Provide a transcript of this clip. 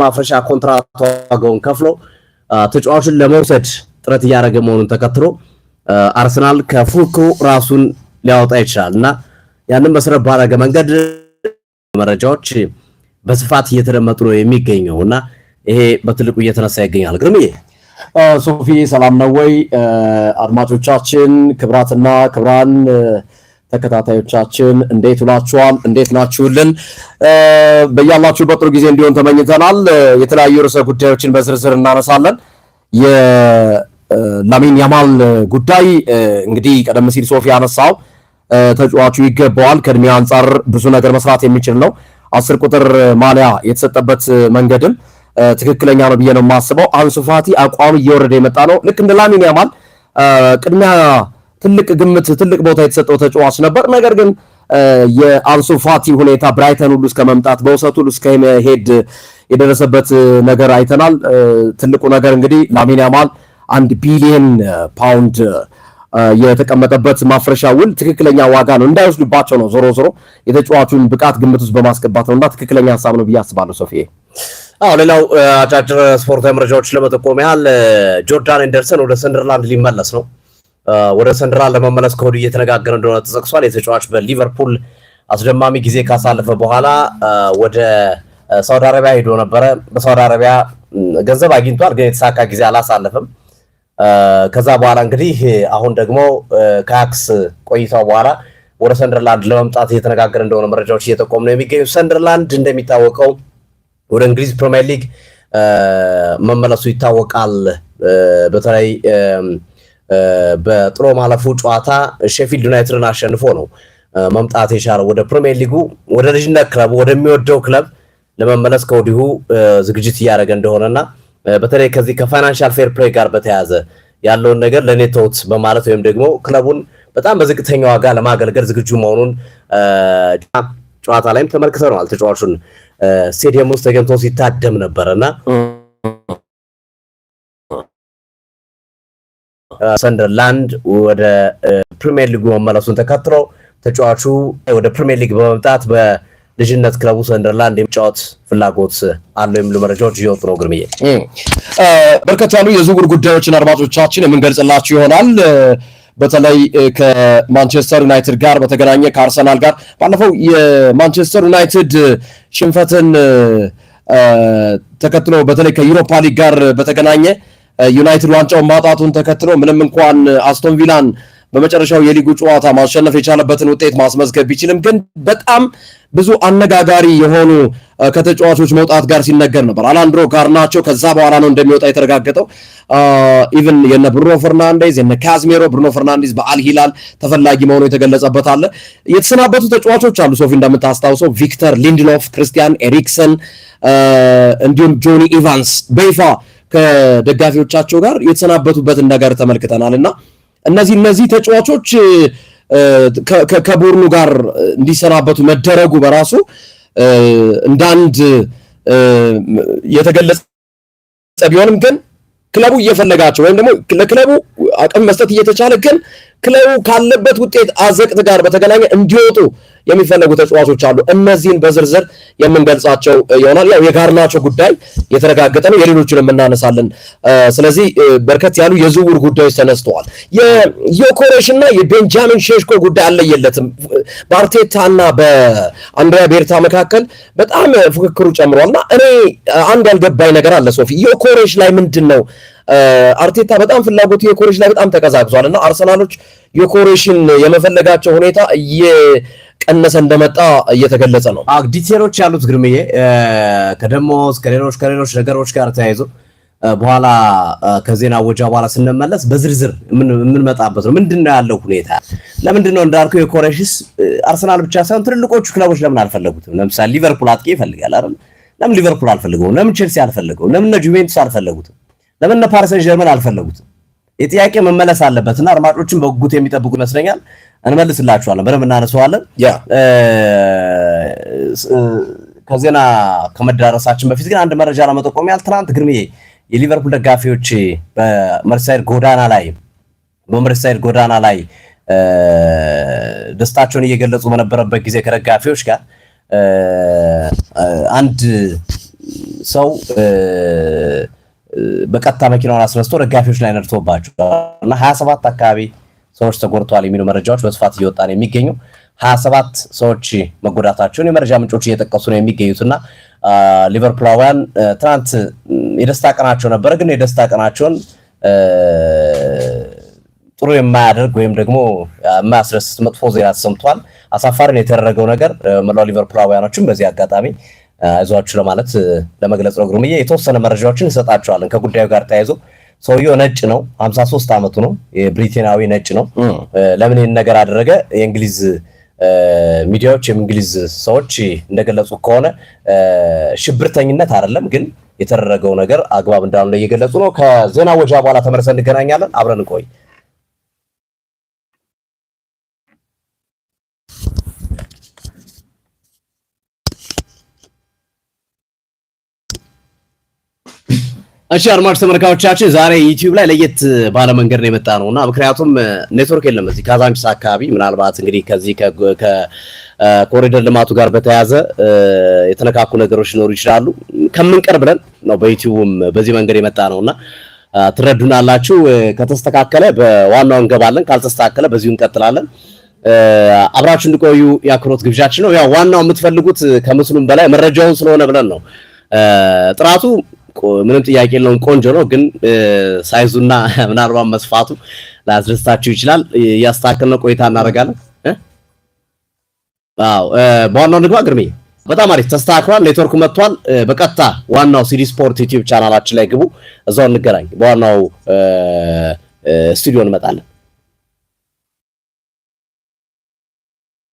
ማፍረሻ ኮንትራት ዋጋውን ከፍሎ ተጫዋቹን ለመውሰድ ጥረት እያደረገ መሆኑን ተከትሎ አርሰናል ከፉክክሩ ራሱን ሊያወጣ ይችላል እና ያንን መሰረት ባደረገ መንገድ መረጃዎች በስፋት እየተደመጡ ነው የሚገኘው እና ይሄ በትልቁ እየተነሳ ይገኛል። ግርምዬ ሶፊ፣ ሰላም ነው ወይ? አድማጮቻችን ክብራትና ክብራን ተከታታዮቻችን እንዴት ውላችኋል? እንዴት ናችሁልን? በያላችሁበት ጥሩ ጊዜ እንዲሆን ተመኝተናል። የተለያዩ ርዕሰ ጉዳዮችን በዝርዝር እናነሳለን። የላሚን ያማል ጉዳይ እንግዲህ ቀደም ሲል ሶፊ ያነሳው ተጫዋቹ ይገባዋል። ከእድሜ አንጻር ብዙ ነገር መስራት የሚችል ነው። አስር ቁጥር ማሊያ የተሰጠበት መንገድም ትክክለኛ ነው ብዬ ነው የማስበው። አንሱ ፋቲ አቋም እየወረደ የመጣ ነው። ልክ እንደ ላሚን ያማል ቅድሚያ ትልቅ ግምት፣ ትልቅ ቦታ የተሰጠው ተጫዋች ነበር። ነገር ግን የአንሱ ፋቲ ሁኔታ ብራይተን ሁሉ እስከ መምጣት በውሰት ሁሉ እስከ መሄድ የደረሰበት ነገር አይተናል። ትልቁ ነገር እንግዲህ ላሚን ያማል አንድ ቢሊየን ፓውንድ የተቀመጠበት ማፍረሻ ውል ትክክለኛ ዋጋ ነው እንዳይወስዱባቸው ነው። ዞሮ ዞሮ የተጫዋቹን ብቃት ግምት ውስጥ በማስገባት ነው እና ትክክለኛ ሀሳብ ነው ብዬ አስባለሁ። ሶፊ አዎ፣ ሌላው አጫጭር ስፖርታዊ መረጃዎች ለመጠቆም ያህል ጆርዳን ኤንደርሰን ወደ ሰንደርላንድ ሊመለስ ነው። ወደ ሰንደርላንድ ለመመለስ ከሆዱ እየተነጋገረ እንደሆነ ተጠቅሷል። የተጫዋች በሊቨርፑል አስደማሚ ጊዜ ካሳለፈ በኋላ ወደ ሳውዲ አረቢያ ሄዶ ነበረ። በሳውዲ አረቢያ ገንዘብ አግኝቷል፣ ግን የተሳካ ጊዜ አላሳለፍም ከዛ በኋላ እንግዲህ አሁን ደግሞ ከአክስ ቆይታው በኋላ ወደ ሰንደርላንድ ለመምጣት እየተነጋገረ እንደሆነ መረጃዎች እየጠቆሙ ነው የሚገኙ። ሰንደርላንድ እንደሚታወቀው ወደ እንግሊዝ ፕሪሚየር ሊግ መመለሱ ይታወቃል። በተለይ በጥሎ ማለፉ ጨዋታ ሼፊልድ ዩናይትድን አሸንፎ ነው መምጣት የቻለው ወደ ፕሪሚየር ሊጉ ወደ ልጅነት ክለቡ ወደሚወደው ክለብ ለመመለስ ከወዲሁ ዝግጅት እያደረገ እንደሆነና በተለይ ከዚህ ከፋይናንሻል ፌር ፕሌይ ጋር በተያያዘ ያለውን ነገር ለእኔ ተውት በማለት ወይም ደግሞ ክለቡን በጣም በዝቅተኛ ዋጋ ለማገልገል ዝግጁ መሆኑን ጨዋታ ላይም ተመልክተነዋል። ተጫዋቹን ስቴዲየም ውስጥ ተገኝቶ ሲታደም ነበረ እና ሰንደርላንድ ወደ ፕሪሚየር ሊጉ መመለሱን ተከትሎ ተጫዋቹ ወደ ፕሪሚየር ሊግ በመምጣት በልጅነት ክለቡ ሰንደርላንድ የመጫወት ፍላጎት አለው የሚሉ መረጃዎች እየወጡ ነው። ግርምዬ በርከት ያሉ የዝውውር ጉዳዮችን አድማጮቻችን የምንገልጽላችሁ ይሆናል። በተለይ ከማንቸስተር ዩናይትድ ጋር በተገናኘ ከአርሰናል ጋር ባለፈው የማንቸስተር ዩናይትድ ሽንፈትን ተከትሎ በተለይ ከዩሮፓ ሊግ ጋር በተገናኘ ዩናይትድ ዋንጫውን ማጣቱን ተከትሎ ምንም እንኳን አስቶን ቪላን በመጨረሻው የሊጉ ጨዋታ ማሸነፍ የቻለበትን ውጤት ማስመዝገብ ቢችልም ግን በጣም ብዙ አነጋጋሪ የሆኑ ከተጫዋቾች መውጣት ጋር ሲነገር ነበር። አላንድሮ ጋርናቾ ከዛ በኋላ ነው እንደሚወጣ የተረጋገጠው። ኢቭን የነ ብሩኖ ፈርናንዴዝ የነ ካዝሜሮ ብሩኖ ፈርናንዴዝ በአልሂላል ተፈላጊ መሆኑ የተገለጸበት አለ። የተሰናበቱ ተጫዋቾች አሉ። ሶፊ እንደምታስታውሰው ቪክተር ሊንድሎፍ፣ ክርስቲያን ኤሪክሰን እንዲሁም ጆኒ ኢቫንስ በይፋ ከደጋፊዎቻቸው ጋር የተሰናበቱበትን ነገር ተመልክተናል እና እነዚህ እነዚህ ተጫዋቾች ከቡድኑ ጋር እንዲሰናበቱ መደረጉ በራሱ እንዳንድ የተገለጸ ቢሆንም ግን ክለቡ እየፈለጋቸው ወይም ደግሞ ለክለቡ አቅም መስጠት እየተቻለ ግን ክለቡ ካለበት ውጤት አዘቅት ጋር በተገናኘ እንዲወጡ የሚፈለጉ ተጫዋቾች አሉ። እነዚህን በዝርዝር የምንገልጻቸው ይሆናል። ያው የጋርናቾ ጉዳይ የተረጋገጠ ነው። የሌሎችንም እናነሳለን። ስለዚህ በርከት ያሉ የዝውውር ጉዳዮች ተነስተዋል። የዮኮሬሽ እና የቤንጃሚን ሼሽኮ ጉዳይ አለየለትም። በአርቴታ እና በአንድሪያ ቤርታ መካከል በጣም ፉክክሩ ጨምሯል እና እኔ አንድ ያልገባኝ ነገር አለ ሶፊ ዮኮሬሽ ላይ ምንድን ነው አርቴታ በጣም ፍላጎቱ የኮሬሽ ላይ በጣም ተቀዛቅዟል እና አርሰናሎች የኮሬሽን የመፈለጋቸው ሁኔታ እየቀነሰ እንደመጣ እየተገለጸ ነው። ዲቴሎች ያሉት ግርምዬ ከደሞዝ ከሌሎች ከሌሎች ነገሮች ጋር ተያይዞ በኋላ ከዜና ወጃ በኋላ ስንመለስ በዝርዝር የምንመጣበት ነው። ምንድን ነው ያለው ሁኔታ? ለምንድን ነው እንዳልከው የኮሬሽስ አርሰናል ብቻ ሳይሆን ትልልቆቹ ክለቦች ለምን አልፈለጉትም? ለምሳሌ ሊቨርፑል አጥቂ ይፈልጋል አይደል? ለምን ሊቨርፑል አልፈልገውም? ለምን ቼልሲ አልፈልገውም? ለምን ጁቬንቱስ አልፈለጉትም? ለምን እነ ፓሪስ ጀርመን አልፈለጉትም? የጥያቄ መመለስ አለበትና አድማጮችን በጉጉት የሚጠብቁ ይመስለኛል። እንመልስላችኋለን፣ በደንብ እናነሳዋለን። ከዜና ከመዳረሳችን በፊት ግን አንድ መረጃ ለመጠቆም ያህል ትናንት ግርሜ የሊቨርፑል ደጋፊዎች በመርሳይድ ጎዳና ላይ በመርሳይድ ጎዳና ላይ ደስታቸውን እየገለጹ በነበረበት ጊዜ ከደጋፊዎች ጋር አንድ ሰው በቀጥታ መኪናውን አስነስቶ ደጋፊዎች ላይ ነድቶባቸዋል እና ሀያ ሰባት አካባቢ ሰዎች ተጎድተዋል የሚሉ መረጃዎች በስፋት እየወጣ ነው የሚገኙ ሀያ ሰባት ሰዎች መጎዳታቸውን የመረጃ ምንጮች እየጠቀሱ ነው የሚገኙት እና ሊቨርፑላውያን ትናንት የደስታ ቀናቸው ነበረ። ግን የደስታ ቀናቸውን ጥሩ የማያደርግ ወይም ደግሞ የማያስደስት መጥፎ ዜና ተሰምቷል። አሳፋሪን የተደረገው ነገር መላው ሊቨርፑላውያኖችም በዚህ አጋጣሚ አይዟችሁ ለማለት ለመግለጽ ነው። ግሩምዬ የተወሰነ መረጃዎችን እንሰጣቸዋለን ከጉዳዩ ጋር ተያይዞ ሰውየው ነጭ ነው። 53 ሶስት ዓመቱ ነው። የብሪቴናዊ ነጭ ነው። ለምን ይህን ነገር አደረገ? የእንግሊዝ ሚዲያዎች፣ የእንግሊዝ ሰዎች እንደገለጹ ከሆነ ሽብርተኝነት አይደለም፣ ግን የተደረገው ነገር አግባብ እንዳልሆነ እየገለጹ ነው። ከዜና ወጃ በኋላ ተመልሰን እንገናኛለን። አብረን እንቆይ። እሺ አድማጭ ተመልካቾቻችን ዛሬ ዩቲዩብ ላይ ለየት ባለ መንገድ ነው የመጣ ነው እና ምክንያቱም ኔትወርክ የለም እዚህ ካዛንቺስ አካባቢ። ምናልባት እንግዲህ ከዚህ ከኮሪደር ልማቱ ጋር በተያያዘ የተነካኩ ነገሮች ሊኖሩ ይችላሉ። ከምንቀር ብለን ነው በዩቲዩብም በዚህ መንገድ የመጣ ነው እና ትረዱናላችሁ። ከተስተካከለ በዋናው እንገባለን፣ ካልተስተካከለ በዚሁ እንቀጥላለን። አብራችሁ እንዲቆዩ የአክብሮት ግብዣችን ነው። ያው ዋናው የምትፈልጉት ከምስሉም በላይ መረጃውን ስለሆነ ብለን ነው ጥራቱ ምንም ጥያቄ የለውም። ቆንጆ ነው፣ ግን ሳይዙና ምናልባት መስፋቱ ላያስደስታችሁ ይችላል። እያስተካከልነው ቆይታ እናደርጋለን። አዎ በዋናው ንግባ ግርሜ በጣም አሪፍ ተስተካክሏል። ኔትወርኩ መጥቷል። በቀጥታ ዋናው ሲዲ ስፖርት ዩቲዩብ ቻናላችን ላይ ግቡ። እዛው እንገናኝ። በዋናው ስቱዲዮ እንመጣለን።